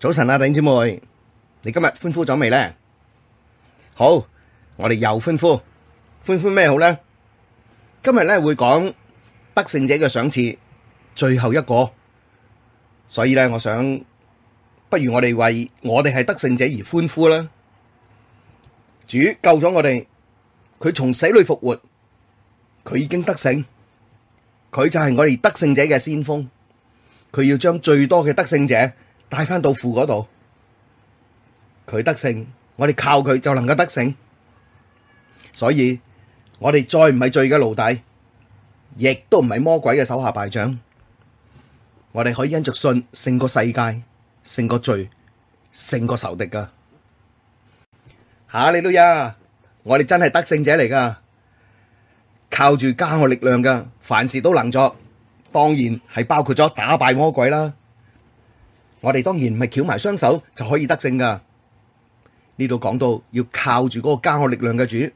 早晨啊，弟兄姐妹，你今日歡呼咗未呢？好，我哋又歡呼，歡呼咩好呢？今日咧會講得勝者嘅賞賜最後一個，所以咧，我想不如我哋為我哋係得勝者而歡呼啦。主救咗我哋，佢從死裡復活，佢已經得勝，佢就係我哋得勝者嘅先鋒，佢要將最多嘅得勝者。帶翻到父嗰度，佢得勝，我哋靠佢就能夠得勝。所以我哋再唔係罪嘅奴隸，亦都唔係魔鬼嘅手下敗將。我哋可以因着信勝過世界，勝過罪，勝過仇敵噶。吓你都呀，我哋真係得勝者嚟噶，靠住加我力量噶，凡事都能作，當然係包括咗打敗魔鬼啦。我哋當然唔係翹埋雙手就可以得勝噶，呢度講到要靠住嗰個加我力量嘅主。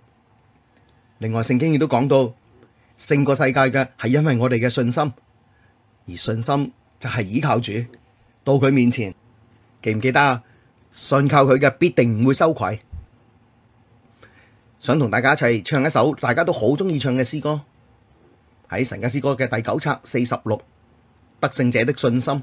另外，聖經亦都講到勝過世界嘅係因為我哋嘅信心，而信心就係依靠主到佢面前。記唔記得啊？信靠佢嘅必定唔會羞愧。想同大家一齊唱一首大家都好中意唱嘅詩歌，喺神家詩歌嘅第九冊四十六，得勝者的信心。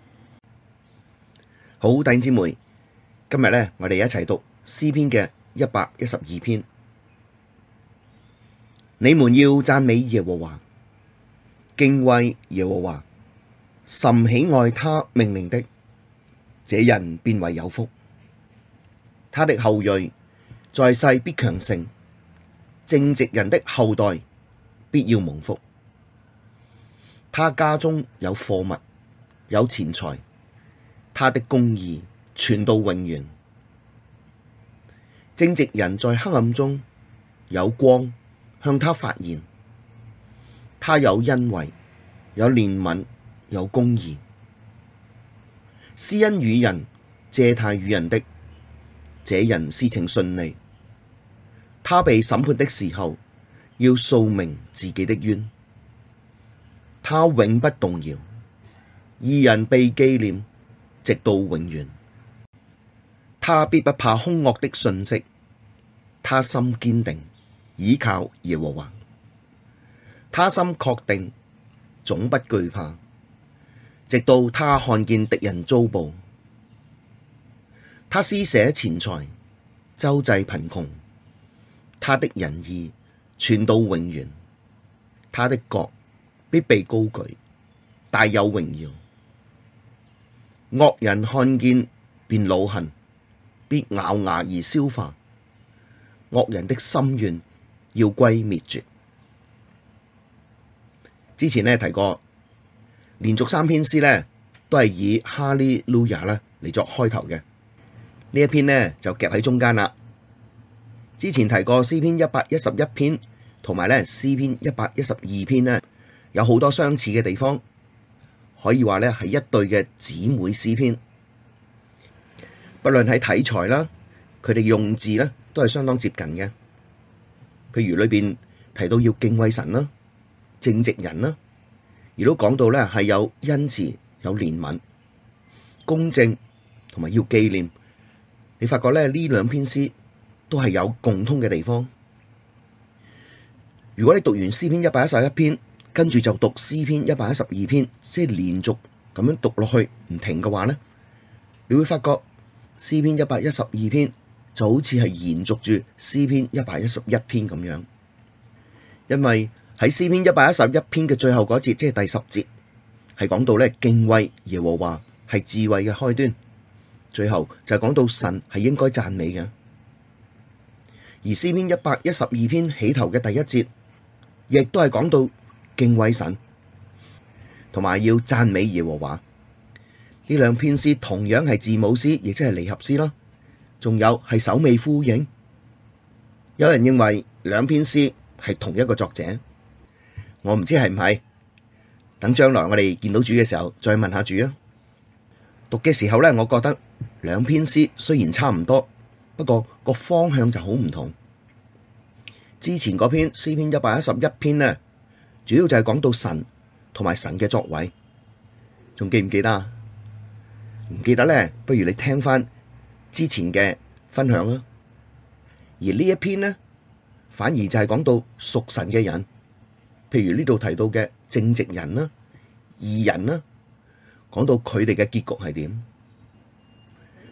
好，弟兄姊妹，今日呢，我哋一齊讀詩篇嘅一百一十二篇。你們要讚美耶和華，敬畏耶和華，甚喜愛他命令的，這人便為有福。他的後裔在世必強盛，正直人的後代必要蒙福。他家中有貨物，有錢財。他的公義存到永遠，正直人在黑暗中有光向他發現，他有恩惠，有憐憫，有公義，施恩與人，借貸與人的，這人事情順利。他被審判的時候，要訴明自己的冤，他永不動搖，義人被紀念。直到永遠，他必不怕凶惡的信息，他心堅定，倚靠耶和華，他心確定，總不懼怕。直到他看見敵人遭報，他施捨錢財，周濟貧窮，他的仁義存到永遠，他的角必被高舉，大有榮耀。惡人看見便惱恨，必咬牙而消化。惡人的心願要歸滅絕。之前呢，提過，連續三篇詩呢，都係以哈利路亞呢嚟作開頭嘅。呢一篇呢，就夾喺中間啦。之前提過詩篇一百一十一篇同埋呢詩篇一百一十二篇呢，有好多相似嘅地方。可以話咧，係一對嘅姊妹詩篇，不論喺題材啦，佢哋用字咧，都係相當接近嘅。譬如裏邊提到要敬畏神啦、正直人啦，亦都講到咧，係有恩慈、有憐憫、公正，同埋要紀念。你發覺咧，呢兩篇詩都係有共通嘅地方。如果你讀完詩篇一百一十一篇，跟住就讀詩篇一百一十二篇，即係連續咁樣讀落去唔停嘅話呢，你會發覺詩篇一百一十二篇就好似係延續住詩篇一百一十一篇咁樣，因為喺詩篇一百一十一篇嘅最後嗰節，即係第十節，係講到咧敬畏耶和華係智慧嘅開端，最後就係講到神係應該讚美嘅，而詩篇一百一十二篇起頭嘅第一節，亦都係講到。敬畏神，同埋要讚美耶和華，呢兩篇詩同樣係字母詩，亦即係離合詩囉。仲有係首尾呼應。有人認為兩篇詩係同一個作者，我唔知係唔係。等將來我哋見到主嘅時候，再問下主啊。讀嘅時候咧，我覺得兩篇詩雖然差唔多，不過個方向就好唔同。之前嗰篇詩篇一百一十一篇呢。主要就係講到神同埋神嘅作為，仲記唔記得啊？唔記得咧，不如你聽翻之前嘅分享啦。而呢一篇咧，反而就係講到屬神嘅人，譬如呢度提到嘅正直人啦、義人啦，講到佢哋嘅結局係點？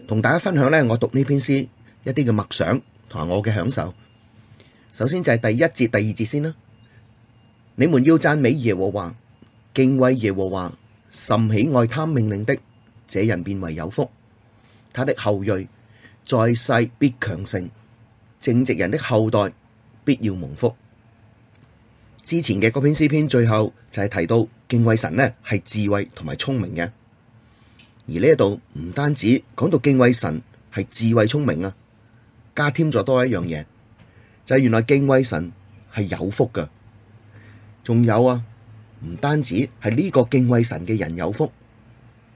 同大家分享咧，我讀呢篇詩，一啲嘅默想同埋我嘅享受。首先就係第一節、第二節先啦。你們要讚美耶和華，敬畏耶和華，甚喜愛他命令的，這人便為有福，他的後裔在世必強盛，正直人的後代必要蒙福。之前嘅嗰篇詩篇最後就係提到敬畏神呢，係智慧同埋聰明嘅。而呢一度唔單止講到敬畏神係智慧聰明啊，加添咗多一樣嘢，就係、是、原來敬畏神係有福噶。仲有啊，唔單止係呢個敬畏神嘅人有福，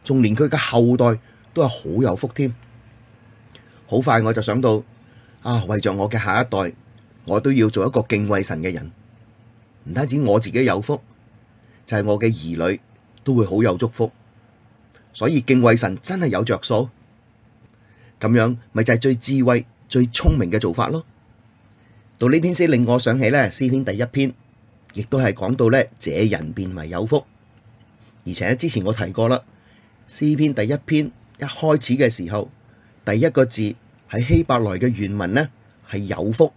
仲連佢嘅後代都係好有福添。好快我就想到啊，為咗我嘅下一代，我都要做一個敬畏神嘅人。唔單止我自己有福，就係我嘅兒女都會好有祝福。所以敬畏神真係有着數，咁樣咪就係最智慧，最聰明嘅做法咯。到呢篇詩令我想起咧，詩篇第一篇。亦都係講到咧，這人便為有福。而且之前我提過啦，詩篇第一篇一開始嘅時候，第一個字喺希伯來嘅原文呢係有福，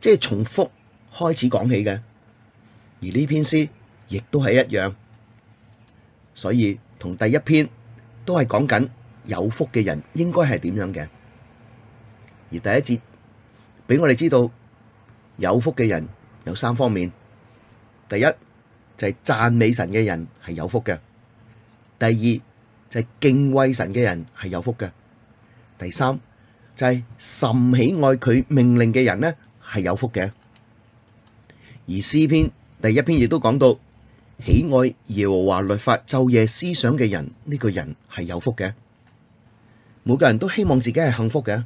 即係從福開始講起嘅。而呢篇詩亦都係一樣，所以同第一篇都係講緊有福嘅人應該係點樣嘅。而第一節俾我哋知道，有福嘅人有三方面。第一就係、是、讚美神嘅人係有福嘅，第二就係、是、敬畏神嘅人係有福嘅，第三就係、是、甚喜愛佢命令嘅人呢係有福嘅。而詩篇第一篇亦都講到喜愛耶和華律法晝夜思想嘅人呢、這個人係有福嘅。每個人都希望自己係幸福嘅，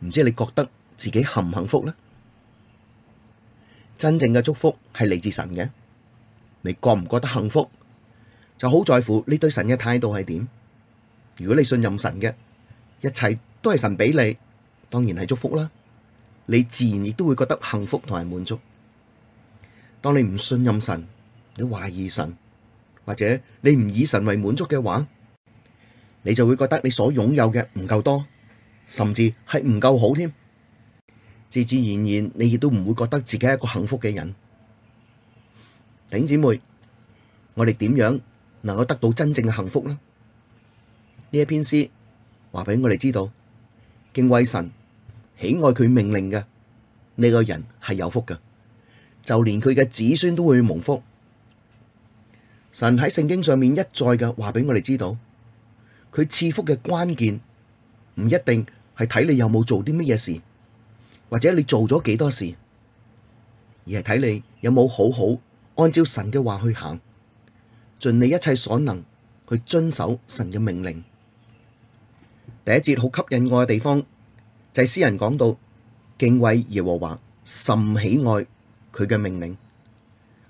唔知你覺得自己幸唔幸福呢？真正嘅祝福係嚟自神嘅，你覺唔覺得幸福？就好在乎呢對神嘅態度係點？如果你信任神嘅，一切都係神俾你，當然係祝福啦。你自然亦都會覺得幸福同埋滿足。當你唔信任神，你懷疑神，或者你唔以神為滿足嘅話，你就會覺得你所擁有嘅唔夠多，甚至係唔夠好添。自自然然，你亦都唔會覺得自己係一個幸福嘅人。頂姐妹，我哋點樣能夠得到真正嘅幸福呢？呢一篇詩話俾我哋知道，敬畏神、喜愛佢命令嘅呢個人係有福嘅，就連佢嘅子孫都會蒙福。神喺聖經上面一再嘅話俾我哋知道，佢賜福嘅關鍵唔一定係睇你有冇做啲乜嘢事，或者你做咗幾多事，而係睇你有冇好好按照神嘅話去行，盡你一切所能去遵守神嘅命令。第一節好吸引我嘅地方就係、是、詩人講到敬畏耶和華甚喜愛佢嘅命令，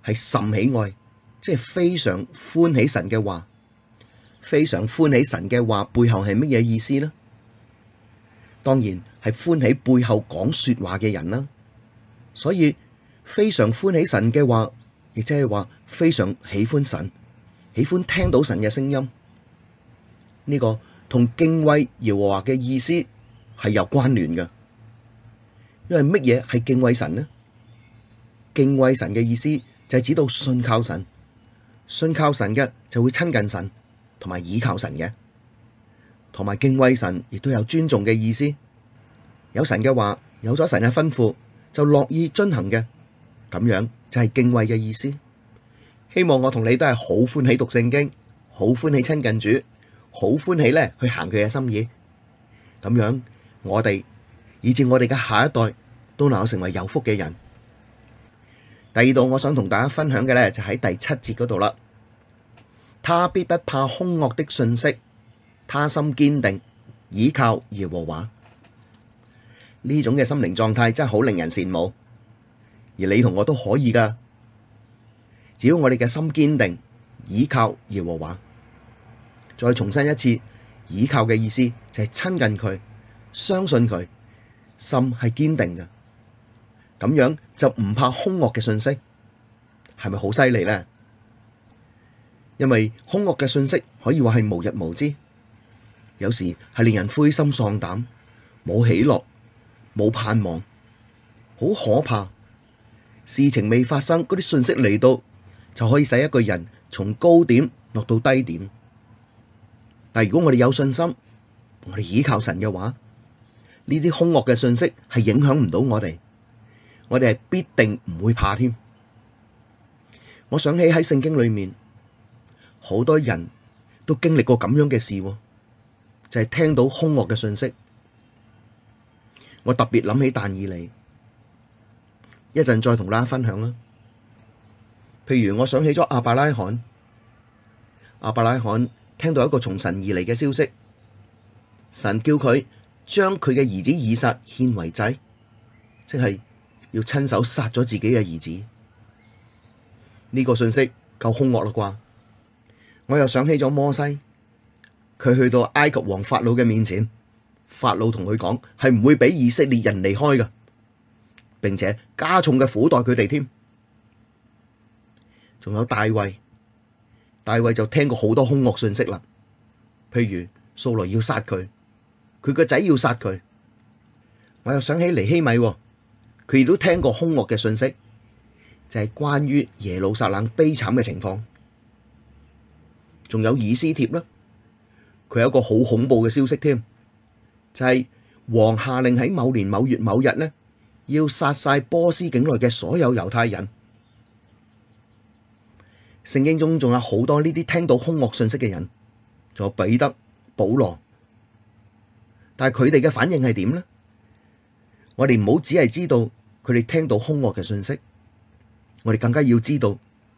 係甚喜愛，即係非常歡喜神嘅話，非常歡喜神嘅話背後係乜嘢意思呢？當然係歡喜，背後講說話嘅人啦，所以非常歡喜神嘅話，亦即係話非常喜歡神，喜歡聽到神嘅聲音。呢個同敬畏耶和華嘅意思係有關聯嘅。因為乜嘢係敬畏神呢？敬畏神嘅意思就係指到信靠神，信靠神嘅就會親近神同埋倚靠神嘅。同埋敬畏神，亦都有尊重嘅意思。有神嘅話，有咗神嘅吩咐，就樂意遵行嘅。咁樣就係敬畏嘅意思。希望我同你都係好歡喜讀聖經，好歡喜親近主，好歡喜咧去行佢嘅心意。咁樣我哋以至我哋嘅下一代都能夠成為有福嘅人。第二度，我想同大家分享嘅咧就喺第七節嗰度啦。他必不怕凶惡的信息。他心堅定，倚靠耶和華，呢種嘅心靈狀態真係好令人羨慕，而你同我都可以噶，只要我哋嘅心堅定，倚靠耶和華。再重申一次，倚靠嘅意思就係親近佢，相信佢，心係堅定嘅，咁樣就唔怕凶惡嘅信息，係咪好犀利咧？因為凶惡嘅信息可以話係無日無之。有時係令人灰心喪膽，冇喜樂，冇盼望，好可怕。事情未發生，嗰啲信息嚟到就可以使一個人從高點落到低點。但如果我哋有信心，我哋倚靠神嘅話，呢啲凶惡嘅信息係影響唔到我哋，我哋係必定唔會怕添。我想起喺聖經裏面，好多人都經歷過咁樣嘅事。就係聽到凶惡嘅信息，我特別諗起但以理，一陣再同大家分享啦。譬如我想起咗阿伯拉罕，阿伯拉罕聽到一個從神而嚟嘅消息，神叫佢將佢嘅兒子以撒獻為祭，即係要親手殺咗自己嘅兒子，呢、這個信息夠凶惡啦啩？我又想起咗摩西。佢去到埃及王法老嘅面前，法老同佢講係唔會俾以色列人離開㗎，並且加重嘅苦待佢哋添。仲有大衛，大衛就聽過好多兇惡信息啦，譬如掃羅要殺佢，佢個仔要殺佢。我又想起尼希米，佢亦都聽過兇惡嘅信息，就係、是、關於耶路撒冷悲慘嘅情況。仲有以斯帖啦。佢有一個好恐怖嘅消息添，就係王下令喺某年某月某日咧，要殺晒波斯境內嘅所有猶太人。聖經中仲有好多呢啲聽到兇惡信息嘅人，仲有彼得、保羅，但係佢哋嘅反應係點咧？我哋唔好只係知道佢哋聽到兇惡嘅信息，我哋更加要知道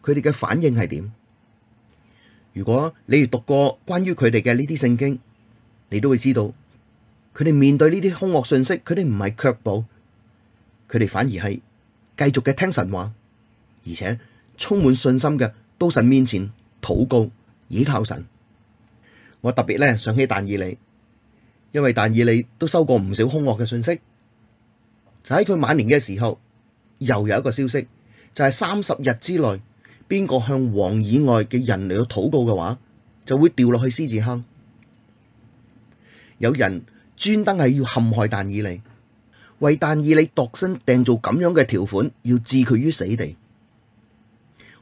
佢哋嘅反應係點。如果你哋讀過關於佢哋嘅呢啲聖經，你都會知道，佢哋面對呢啲兇惡信息，佢哋唔係卻步，佢哋反而係繼續嘅聽神話，而且充滿信心嘅到神面前禱告，倚靠神。我特別咧想起但以理，因為但以理都收過唔少兇惡嘅信息，就喺佢晚年嘅時候，又有一個消息，就係三十日之內。邊個向王以外嘅人嚟到禱告嘅話，就會掉落去獅子坑。有人專登係要陷害但以理，為但以理度身訂造咁樣嘅條款，要置佢於死地。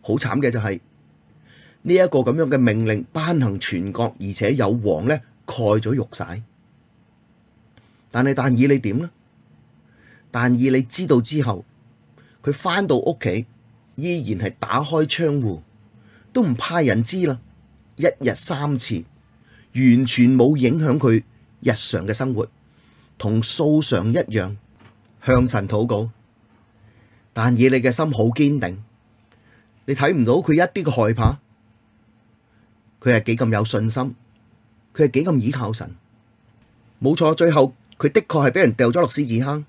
好慘嘅就係呢一個咁樣嘅命令頒行全國，而且有王呢蓋咗玉璽。但係但以理點呢？但以理知道之後，佢翻到屋企。依然係打開窗戶，都唔怕人知啦。一日三次，完全冇影響佢日常嘅生活，同素常一樣向神禱告。但以理嘅心好堅定，你睇唔到佢一啲嘅害怕，佢係幾咁有信心，佢係幾咁倚靠神。冇錯，最後佢的確係俾人掉咗落獅子坑，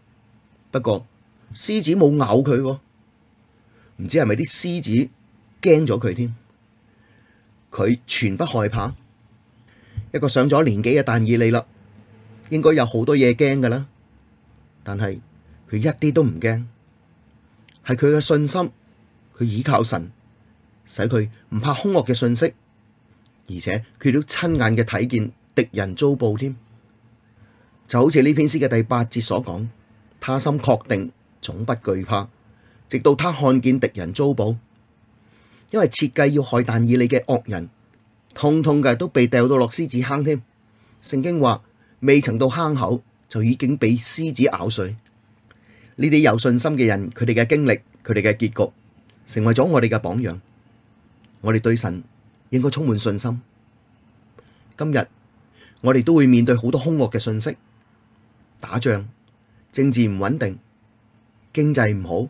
不過獅子冇咬佢。唔知係咪啲獅子驚咗佢添？佢全不害怕。一個上咗年紀嘅但以理啦，應該有好多嘢驚㗎啦，但係佢一啲都唔驚，係佢嘅信心，佢倚靠神，使佢唔怕凶惡嘅信息，而且佢都親眼嘅睇見敵人遭報添。就好似呢篇詩嘅第八節所講，他心確定，總不懼怕。直到他看見敵人遭報，因為設計要害但以理嘅惡人，通通嘅都被掉到落獅子坑添。聖經話，未曾到坑口就已經被獅子咬碎。呢啲有信心嘅人，佢哋嘅經歷，佢哋嘅結局，成為咗我哋嘅榜樣。我哋對神應該充滿信心。今日我哋都會面對好多凶惡嘅信息，打仗、政治唔穩定、經濟唔好。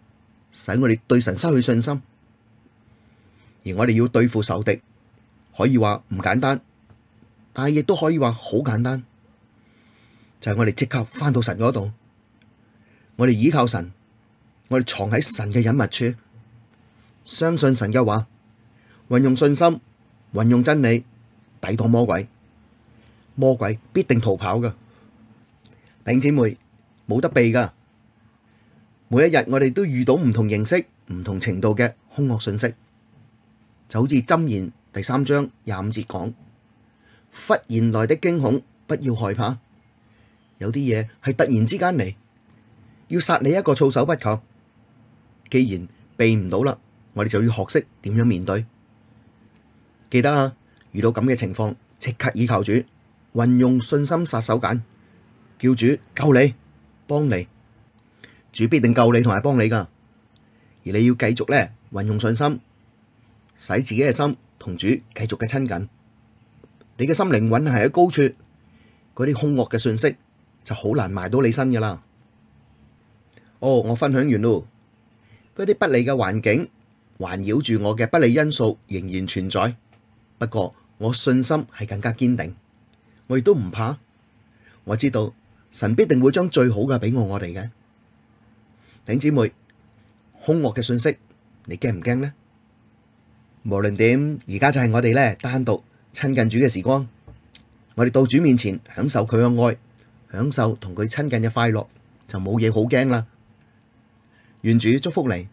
使我哋對神失去信心，而我哋要對付仇敵，可以話唔簡單，但係亦都可以話好簡單，就係我哋即刻翻到神嗰度，我哋倚靠神，我哋藏喺神嘅隱密處，相信神嘅話，運用信心，運用真理，抵擋魔鬼，魔鬼必定逃跑噶，弟兄姐妹冇得避噶。每一日我哋都遇到唔同形式、唔同程度嘅凶惡信息，就好似《箴言》第三章廿五節講：忽然來的驚恐，不要害怕。有啲嘢係突然之間嚟，要殺你一個措手不及。既然避唔到啦，我哋就要學識點樣面對。記得啊，遇到咁嘅情況，即刻倚靠主，運用信心殺手鐧，叫主救你、幫你。主必定救你同埋幫你噶，而你要繼續咧運用信心，使自己嘅心同主繼續嘅親近。你嘅心靈魂係喺高處，嗰啲凶惡嘅信息就好難埋到你身噶啦。哦，我分享完咯。嗰啲不利嘅環境，環繞住我嘅不利因素仍然存在，不過我信心係更加堅定，我亦都唔怕。我知道神必定會將最好嘅俾我我哋嘅。頂姊妹，凶惡嘅信息，你驚唔驚呢？無論點，而家就係我哋咧單獨親近主嘅時光，我哋到主面前享受佢嘅愛，享受同佢親近嘅快樂，就冇嘢好驚啦。願主祝福你。